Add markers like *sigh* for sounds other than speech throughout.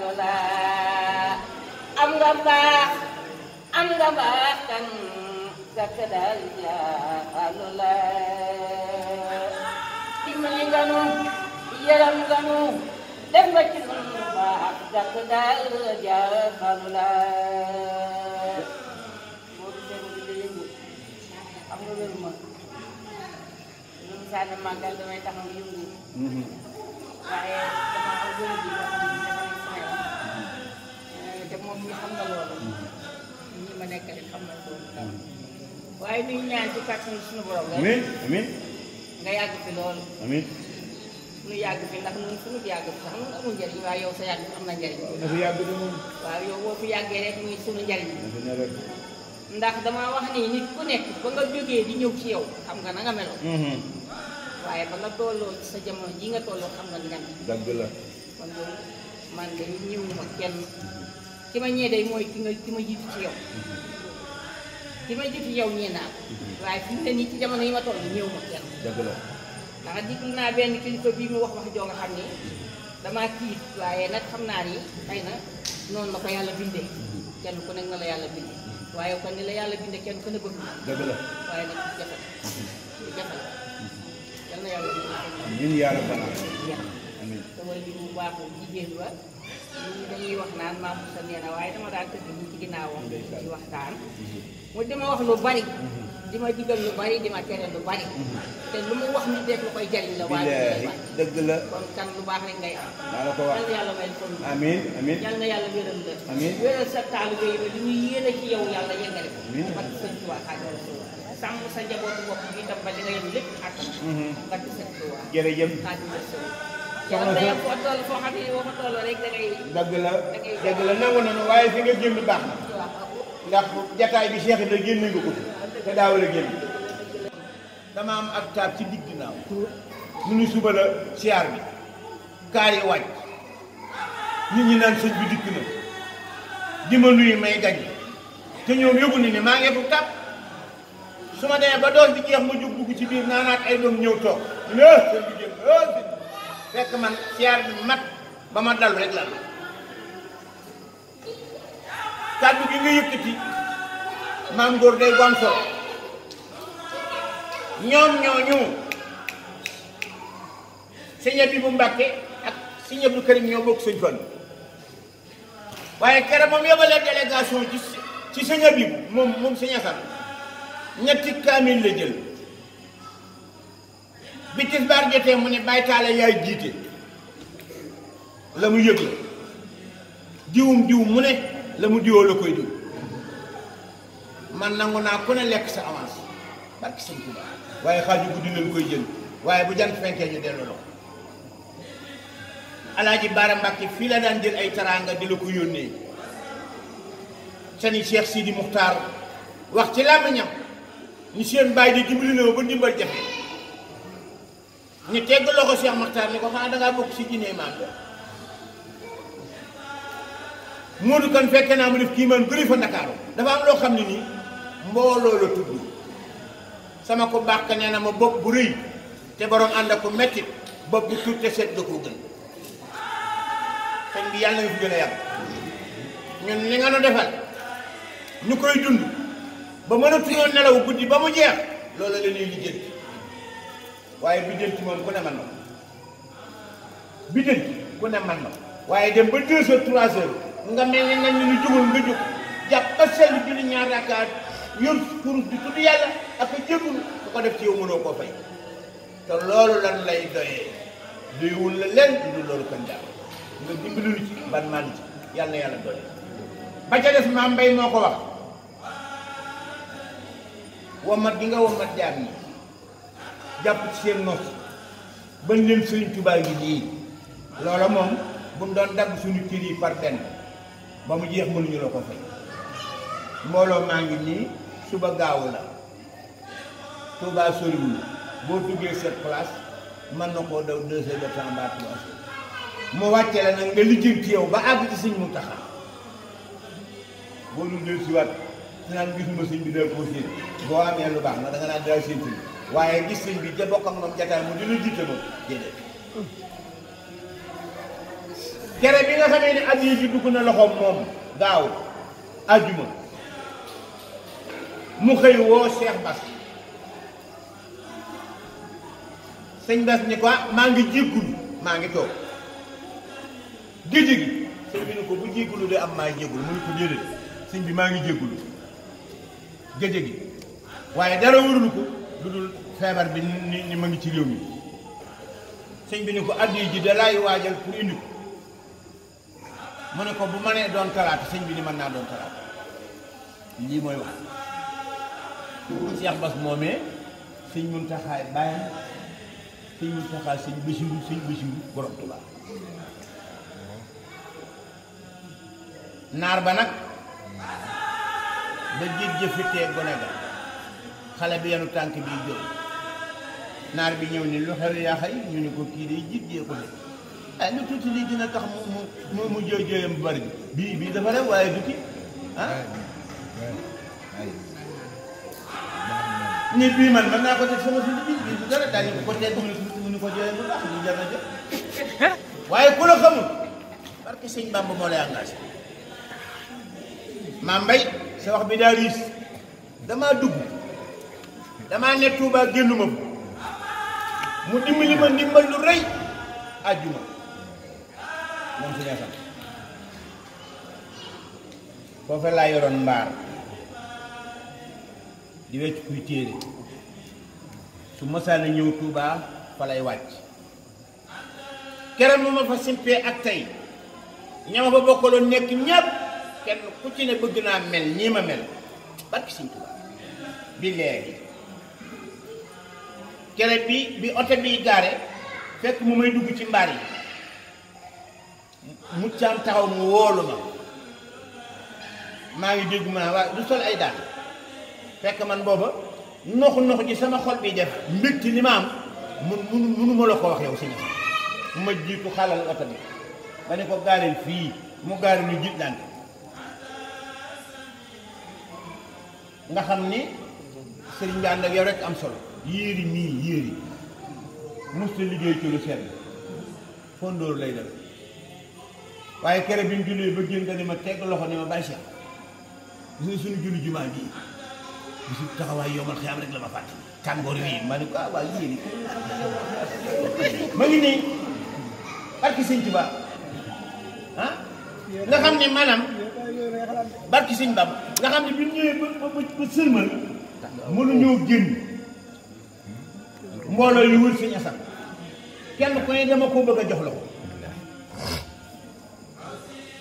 loola am nga kan gàkka daal yaa loola dimbali nga nu yaram nga nu def nga mm-hmm. ci sun baax gàkka daal yaa waaye nuy ñaan ci kàttanu suñu borom la. amiin amiin. nga yàgg fi lool. amiin. nu yàgg fi ndax ñun suñu yàgg yow sa yàgg am na njëriñ. dafa yàgg de moom. yàggee rek muy suñu ndax damaa wax ni nit ku nekk ba nga jógee di ñëw ci yow xam nga nanga nga meloon. Mm-hmm. waaye ba nga tolloo sa jamono jii nga tolloo xam nga ni nga mel. dëgg la. man de ñëw ma kenn ki ma ñee day mooy ki nga ma jiitu ci yow. Mm-hmm. li may jëf yow ñii naa ko mhm. waaye fi mu ne nii ci jamono yi ma toll ñëw ma kenn dëgg la ndax déglu naa benn kilifa bii mu wax wax joo nga xam ni mhm. damaa kiit waaye nag xam naa ni xëy na noonu la ko yàlla bindee mhm. kenn ku nekk na la yàlla bindee waaye kon ni la yàlla bindee kenn bëgg nag du jafe du jafe la yal na yàlla fanaan amiin sama li mu baaxul jigéen wa dañuy wax naan maam Moussa nee waaye dama daan tëdd ci ginnaawam di waxtaan mu dima wax lu bari di ma digal lu bari di ma tere lu bari te lu mu wax nit rek lu koy jariñ la waaye la kon kan lu baax rek ngay am maa la ko wax yàlla may kon amiin amiin yàlla na yàlla wéral la amiin wéral sa taalibe yi ba li ñuy yéene ci yow yàlla yëngale ko mat sëñ Tuubaa xaajal sàmm sa njabootu bopp bi itam ba li nga yem lépp ak nga mhm. soxna si dëgg la dëgg la nangu nañu waaye fi nga génn baax na ndax jataay bi Cheikh Ibrahima génn nga ko te daawal a génn dama am ak taab ci digg naaw mu ni suba la siyaar bi kaay yi wàcc nit ñi naan sëñ bi dikk na di ma nuyu may gañe te ñoom yóbbu ni ne maa ngi fu su ma demee ba doon bi jeex ma jóg bugg ci biir naanaat ay doom ñëw toog bi génn fekk man siyaar bi mat ba ma dalu rek la kàddu gi nga yëkkati maam góor day bu ñoom ñooñu sëñ bi bu Mbàkke ak sëñ Abdou ñoo bokk sëñ fan waaye keroog moom yóbbalee délégation ci ci sëñ bi moom moom sëñ Assane ñetti kaamil la jël bi tisbaar jotee mu ne Baye Talla yaay jiite la mu yëg la diwum diw mu ne la mu diwoo la koy diw man nangu naa ku ne lekk sa avance barki sëñ Tuubaa waaye xaaju guddi leen koy jël waaye bu jant fenkee ñu delloo la ko alaaji Baara Mbàkke fii la daan jël ay taraanga di la ko yónnee sani Cheikh Sidi Muxtaar wax ci làmmiñam ñu seen bàyyi di dimbali na ma ba ndimbal jafe ñu tegg ko cheikh makhtar ni ko xana da nga bok ci dine man modou kan fekke na mu def ki man bëri fa dakaru dafa am lo xamni ni mbolo lo tuddu sama ko bak neena ma bok bu reuy te borom and ko metti bop bu tutte set da ko gën tan bi yalla ñu gëna yam ñun ni nga no defal ñukoy dund ba mëna tuñu nelaw guddi ba mu jeex loolu la ñuy lijeenti waaye bi jël ci moom ku ne man na bi ku ne man na waaye dem ba deux heures trois heures nga ne nga ñu nga jóg jàpp ba sell julli ñaar raakaat yor kurus di tudd yàlla ak a jégul ku ko def ci yow mënoo koo fay te loolu lan lay doyee doyewul la leen du loolu kon nga dimbalul ci ban yàlla yàlla doyee ba ca des maam mbay moo ko wax wamat gi nga wamat jaam japp ci seen noos bañ leen señ Tuubaa yi di loola mom bu mu doon dagg suñu cër par ben ba mu jeex mënuñu la ko fay mbolo ma ngi ni suba gaaw la sori wu bo tuggé cette place man nako daw 2h de temps mbaa trois mo wàcce la nak nga lijjanti yow ba ag ci sëñ Muntaxa boo dul dellusiwaat dinaan gis ma señ bi dal ko seen bo amé lu baax na da nga na daal seen ci waaye gis sëñ bi te bokk ak moom jataay mu dina jiite moom déedéet kere bi nga xamee ne addiya ji dugg na loxoom moom daaw ajjuma mu xëy woo Cheikh Bass sëñ Bass ni ko ah, maa ngi jéggulu maa ngi toog géej gi bi ni ko bu jéggulu de am maa jéggulu mu ko déedéet sëñ bi maa ngi jéggulu géej waaye dara warul ko lu dul feebar bi ni ni ma ngi ci réew mi sëñ bi ni ko addi ji da laay waajal pour indi ko mu ne ko bu ma nee doon talaata sëñ bi ni man naa doon talaata lii mooy wax Cheikh Bass moomee sëñ Muntaxaay bàyyam sëñ Muntaxaay sëñ Basiru sëñ Basiru borom Tuubaa naar ba nag ba jëf jëfitee gone ga xalé bi yanu tank bi jox nar bi ñew ni lu xew ya xay ñu ni ko ki day jiddee ko de ay ah, lu tuti li dina tax mu mu mu jooy-jooyam bari bi bi dafa rew waye du ki han ah? ni bi man man na ko def sama suñu bi bi du dara dañ ko teel mu ñu mu ko jooyam bu baax ñu jar na jëf *laughs* waye ku la xamul barke señ bamb mo lay engagé mambay sa wax bi daris dama dugg damaa ne Touba génnu ma mu dimbali ma ndimbal lu rëy àjjuma moom suñu asam foofa laa yoroon mbaar di wecc kuy téere su masaana ñëw Touba fa lay wàcc keroog mu ma fa simpee ak tey ñama ba bokkaloon nekk ñépp kenn ku ci ne bëgg naa mel nii ma mel barki Sëñ Touba bi léegi kere bi bi oto bi gaare fekk mu may dugg ci mbaar yi muccaam taxaw mu woolu ma maa ngi dégg ma waa du sol ay daal fekk man booba noxu noxu ji sama xol bi def mbégte li ma am mun munu munu ma la ko wax yow si nga mu ma jiitu xalal oto bi ba ne ko gaareel fii mu gaareel ñu jiit daan nga xam ni sëriñ bi ànd ak yow rek am solo yéeri mi yéeri musta liggéey ci lu sedd fondóor lay def waaye kere bi mu jullee ba génn nga ne ma teg loxo ne ma bàyyi seex gis nga suñu julli jumaa bii bisu taxawaay yomal xiyam rek la ma fàtte tàngoor wii ma ne ko ah waa yéeri ma ngi ni barki sëñ Tuubaa ah nga xam ne maanaam barki sëñ Bamba nga xam ne bi mu ñëwee ba ba ba sërmal mënuñoo génn mbooloo yu wër sëñ Assane kenn ku ne dama koo bëgg a jox la ko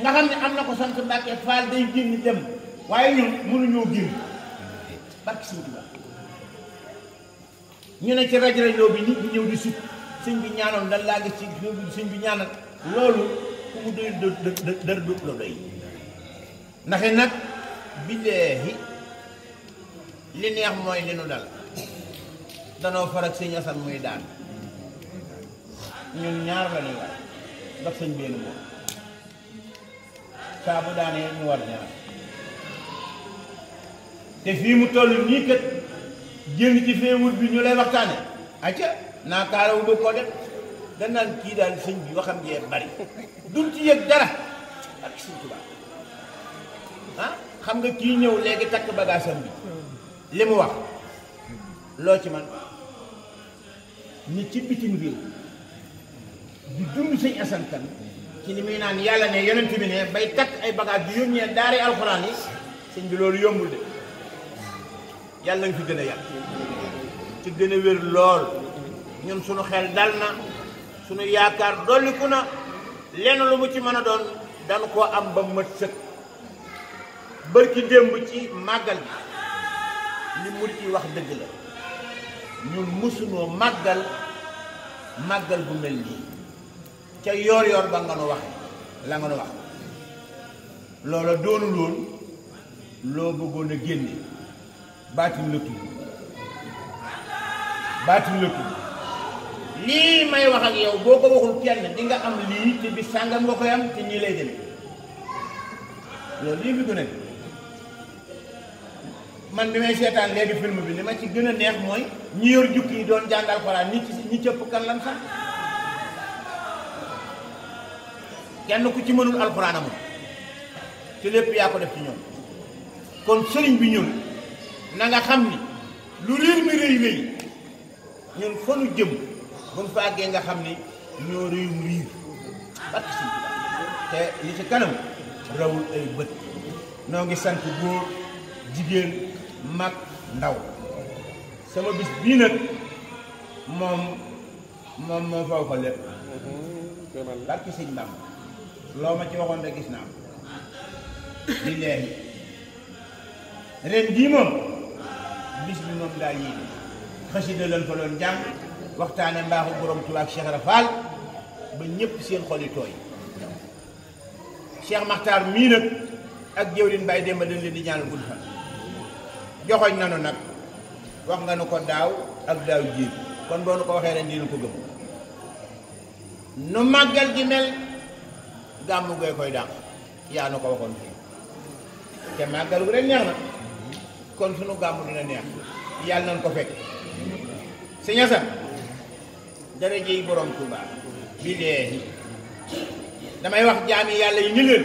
nga xam ne am na ko sant Mbàkke Faal day génn dem waaye ñun mënuñoo génn barki sëñ Tuubaa ñu ne ci rajo rajo bi nit ñi ñëw di sut sëñ bi ñaanoon dan laa gis ci sëñ bi ñaanal loolu ku mu doy dër du la doy ndax nag billaahi li neex mooy li nu dal danoo far si sëñ Assane muy daan ñun ñaar la ñuy war ndax sëñ benn moom saa daanee ñu war ñaar te fii mu toll nii kat jëng ci feewut bi ñu lay waxtaane acca naa kaalawu ba koo def kii daal sëñ bi waxam jee bari duñ ci yëg dara ah, xam nga kii ñëw léegi takk bagaasam bi li mu wax loo ci man ni ci bitim bi di dund sëñ Assane Kane ci li muy naan yàlla ne yonent bi ne bay takk ay bagage di yónnee daari alxuraan yi sëñ bi loolu yombul de yàlla nga fi gën a yàq ci gën a wér lool ñun suñu xel dal na suñu yaakaar dolliku na lenn lu mu ci mën a doon dañu koo am ba mët sëkk bërki démb ci màggal bi li murit yi wax dëgg la ñun mësuloo màggal màggal bu mel nii ca yoor yoor ba nga nu wax la nga nu wax loola doonu loo bëggoon a génne baatin la tudd baatin la tudd lii may wax ak boo ko waxul kenn di nga am lii te bi sàngam nga koy am te ñii lay demee loolu lii fi ko nekk man bi may seetaan léegi film bi lima ci gëna a neex moy ñi yor jukki doon jàng alxuraan nit ci ñi cëpp kan lan xam kenn ku ci mënul alxuraan amul ci lepp ya ko def ci ñoom kon sëriñ bi ñun na nga xam ni lu réew mi réy réy ñun fa nu jëm bu ñu fa agge nga xam ni ñoo mu riir bàtt ci té li ci kanam rawul ay bëtt no ngi sant góor jigen mag ndaw sama bis bii moom moom moom faw ko lépp mm-hmm. barki sëñ Bàmb loo ma ci waxoon de gis naa di leegi ren jii moom bis bi moom daa yii xasida fa doon jàng waxtaane mbaaxu borom Tuubaa ak Cheikh Rafaal ba ñëpp seen xol yi tooy Cheikh Makhtar mii nag ak jëwriñ Baye leen di ñaanal gudd fan joxoñ nanu nag wax nga nu ko daaw ak daaw jiit kon boo nu ko waxee ren dinu ko gëm nu màggal gi mel gàmmu gee koy dàq yaa nu ko waxoon te màggal gu rek neex na kon sunu gàmmu dina neex yàlla nañ ko fekk si ñasa dara jiy borom Tuubaa bi dee damay wax jaami yàlla yi ni leen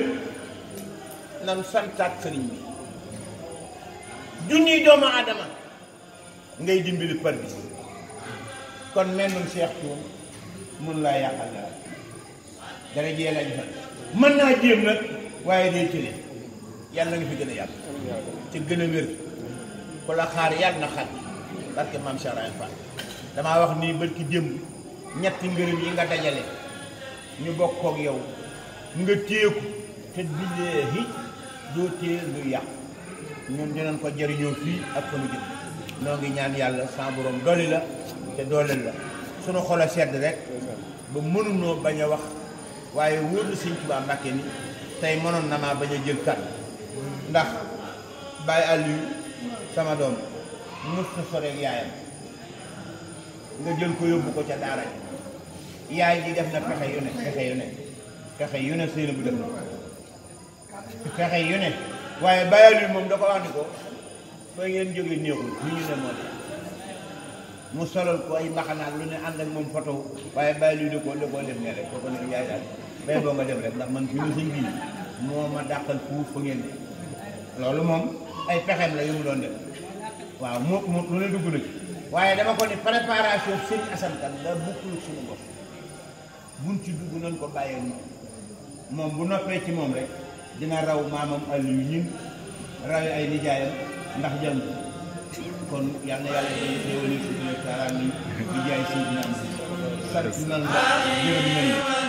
nan santaat sëriñ bi junniy doomu aadama ngay dimbali par bis kon mennum Cheikh Thioune mun laa mën naa jéem nag waaye day tële yàlla nga fi gën a yàgg ci gën a wér ku la xaar yàlla na xaar barke maam Cheikh Fall damaa wax nii barki démb ñetti ngërëm yi nga dajale ñu bokk yow nga téyeku te billaahi doo téye lu yàqu ñun dinañ ko jëriñoo fii ak fa mu jëm noo ngi ñaan yàlla sa borom dolli la te dooleel la sunu xol a sedd rek ba mënuloo bañ a wax waaye wóoru Sëñ Tuubaa Mbàkke ni tey mënoon na maa bañ a jël kàddu ndax Baye Aliou sama doom mës na soreeg yaayam nga jël ko yóbbu ko ca daara ji yaay ji def na pexe yu ne pexe yu ne pexe yu ne sëy bu def na pexe yu ne waaye bàyyi moom da ko wax ni ko fooy ngeen jóge néexul ñu ñu ne moom mu solal ko ay mbaxanaak lu ne ànd ak moom photo waaye bàyyi da ko da koo def ne rek bay boo nga def rek ndax man fi mu sëñ bii moo ma dàqal fuuf fa ngeen loolu moom ay pexem la yu mu doon def waaw moo moo lu ne dugg na waaye dama ko ni préparation sëñ Assane Kane da bukkul suñu bopp buñ ci dugg nañ ko bàyyee moom moom bu noppee ci moom rek dina raw maamam Aliou ñun rawe ay nijaayam ndax jàng kon yal na yàlla dañuy teewale suñu taala ni nijaay si dina am sant nañ la gërëm nañ la